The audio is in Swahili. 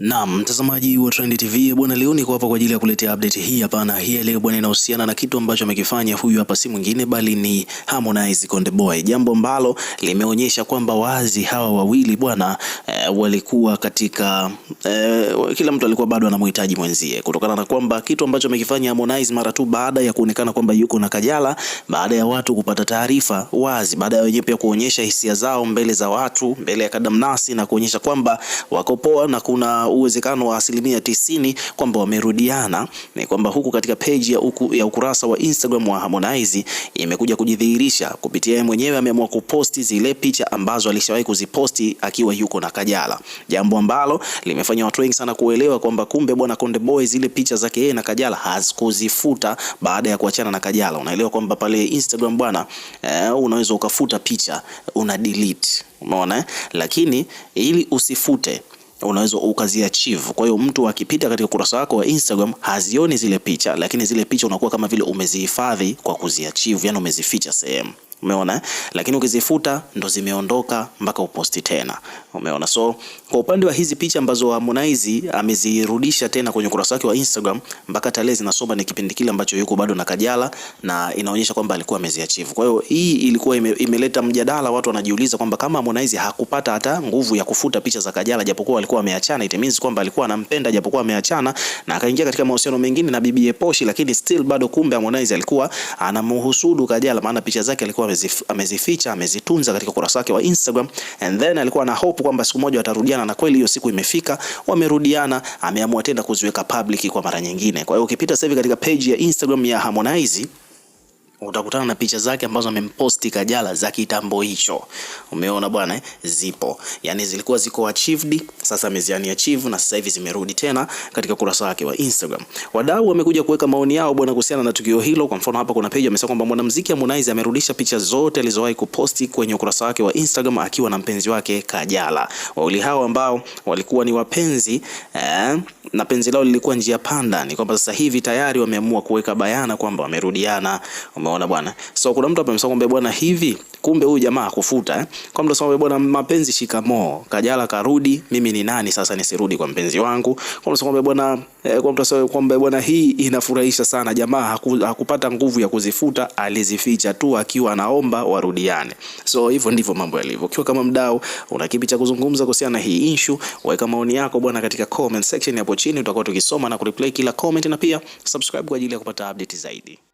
Naam, mtazamaji wa Trend TV bwana, leo niko hapa kwa ajili ya kuletea update hii hapa na hii leo bwana, inahusiana na kitu ambacho amekifanya huyu hapa, si mwingine bali ni Harmonize Konde Boy, jambo ambalo limeonyesha kwamba wazi hawa wawili bwana e, walikuwa katika e, kila mtu alikuwa bado anamhitaji mwenzie, kutokana na kwamba kitu ambacho amekifanya Harmonize mara tu baada ya kuonekana kwamba yuko na Kajala, baada ya watu kupata taarifa wazi, baada ya wenyewe pia kuonyesha hisia zao mbele za watu, mbele ya Kadamnasi na kuonyesha kwamba wako poa na kuna uwezekano wa asilimia tisini kwamba wamerudiana. Ni kwamba huku katika peji ya, uku, ya ukurasa wa Instagram wa Harmonize imekuja kujidhihirisha kupitia yeye mwenyewe, ameamua kuposti zile picha ambazo alishawahi kuziposti akiwa yuko na Kajala, jambo ambalo limefanya watu wengi sana kuelewa kwamba kumbe bwana Konde Boy zile picha zake yeye na Kajala hazikuzifuta baada ya kuachana na Kajala. Unaelewa kwamba pale Instagram bwana eh, unaweza ukafuta picha una delete, umeona, eh? lakini ili usifute unaweza ukaziachieve. Kwa hiyo mtu akipita katika ukurasa wako wa Instagram hazioni zile picha, lakini zile picha unakuwa kama vile umezihifadhi kwa kuziachieve, yani umezificha sehemu. Umeona, lakini ukizifuta ndo zimeondoka mpaka uposti tena. Umeona, so kwa upande wa hizi picha ambazo Harmonize amezirudisha tena kwenye ukurasa wake wa Instagram, mpaka tarehe zinasoma ni kipindi kile ambacho yuko bado na Kajala, na inaonyesha kwamba alikuwa ameziachieve. Kwa hiyo hii ilikuwa ime, imeleta mjadala, watu wanajiuliza kwamba kama Harmonize hakupata hata nguvu ya kufuta picha za Kajala japokuwa alikuwa ameachana, it means kwamba alikuwa anampenda japokuwa ameachana na akaingia katika mahusiano mengine na bibi Eposhi, lakini still bado kumbe Harmonize alikuwa anamhusudu Kajala, maana picha zake alikuwa amezificha amezitunza katika ukurasa wake wa Instagram, and then alikuwa na hope kwamba siku moja watarudiana, na kweli hiyo siku imefika, wamerudiana. Ameamua tena kuziweka public kwa mara nyingine. Kwa hiyo ukipita sasa hivi katika page ya Instagram ya Harmonize utakutana na picha zake ambazo amemposti Kajala za kitambo hicho. Umeona bwana eh? Zipo yani, zilikuwa ziko achieved, sasa ameziani achieve na sasa hivi zimerudi tena katika kurasa wake wa Instagram. Wadau wamekuja kuweka maoni yao bwana kuhusiana na tukio hilo. Kwa mfano hapa kuna page amesema kwamba mwanamuziki Harmonize amerudisha picha zote alizowahi kuposti kwenye ukurasa wake wa Instagram akiwa na mpenzi wake Kajala. Wawili hao ambao walikuwa ni wapenzi eh, na penzi lao lilikuwa njia panda, ni kwamba sasa hivi tayari wameamua kuweka bayana kwamba wamerudiana wame umeona bwana. So kuna mtu amemsema kwamba bwana hivi kumbe huyu jamaa akufuta eh. Kwa mtu anasema bwana mapenzi shikamoo, Kajala karudi, mimi ni nani sasa nisirudi kwa mpenzi wangu. Kwa mtu anasema bwana eh, kwa mtu anasema kwamba bwana hii inafurahisha sana, jamaa haku, hakupata nguvu ya kuzifuta, alizificha tu akiwa anaomba warudiane. So hivyo ndivyo mambo yalivyo. Ukiwa kama mdau, una kipi cha kuzungumza kuhusiana na hii issue? Weka maoni yako bwana katika comment section hapo chini, tutakuwa tukisoma na kureply kila comment, na pia subscribe kwa ajili ya kupata update zaidi.